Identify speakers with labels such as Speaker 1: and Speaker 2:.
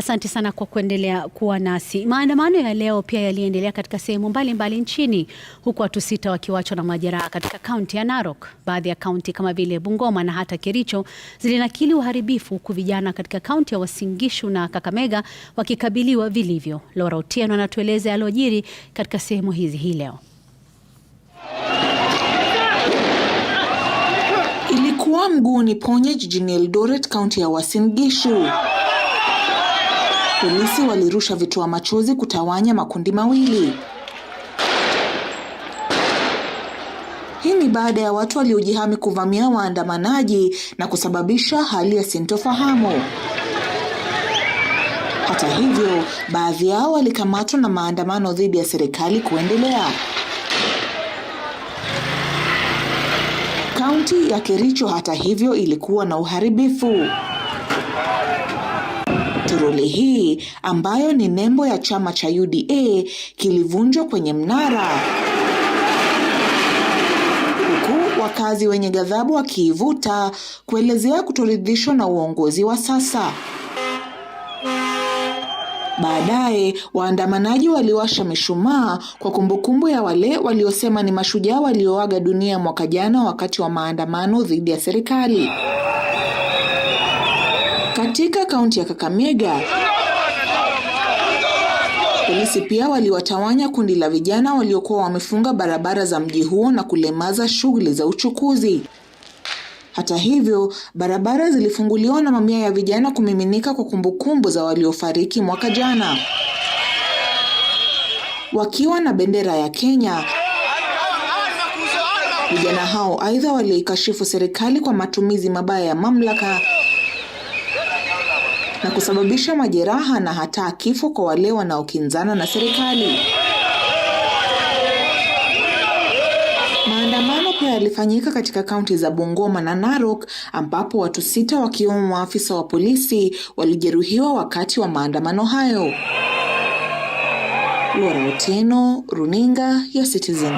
Speaker 1: Asante sana kwa kuendelea kuwa nasi. Maandamano ya leo pia yaliendelea katika sehemu mbalimbali nchini, huku watu sita wakiwachwa na majeraha katika kaunti ya Narok. Baadhi ya kaunti kama vile Bungoma na hata Kericho zilinakili uharibifu, huku vijana katika kaunti ya Uasin Gishu na Kakamega wakikabiliwa vilivyo. Laura Otieno anatueleza yaliojiri katika sehemu hizi hii leo.
Speaker 2: Ilikuwa mguuni Ponye jijini Eldoret, kaunti ya Uasin Gishu. Polisi walirusha vitoa machozi kutawanya makundi mawili. Hii ni baada ya watu waliojihami kuvamia waandamanaji na kusababisha hali ya sintofahamu. Hata hivyo, baadhi yao walikamatwa na maandamano dhidi ya serikali kuendelea. Kaunti ya Kericho hata hivyo ilikuwa na uharibifu. Troli hii ambayo ni nembo ya chama cha UDA kilivunjwa kwenye mnara, huku wakazi wenye ghadhabu wakiivuta kuelezea kutoridhishwa na uongozi wa sasa. Baadaye waandamanaji waliwasha mishumaa kwa kumbukumbu ya wale waliosema ni mashujaa walioaga dunia mwaka jana wakati wa maandamano dhidi ya serikali. Katika kaunti ya Kakamega, polisi pia waliwatawanya kundi la vijana waliokuwa wamefunga barabara za mji huo na kulemaza shughuli za uchukuzi. Hata hivyo, barabara zilifunguliwa na mamia ya vijana kumiminika kwa kumbukumbu za waliofariki mwaka jana. Wakiwa na bendera ya Kenya, vijana hao aidha waliikashifu serikali kwa matumizi mabaya ya mamlaka na kusababisha majeraha na hata kifo kwa wale wanaokinzana na serikali. Maandamano pia yalifanyika katika kaunti za Bungoma na Narok ambapo watu sita wakiwemo maafisa wa polisi walijeruhiwa wakati wa maandamano hayo. Lora Otieno, Runinga ya Citizen.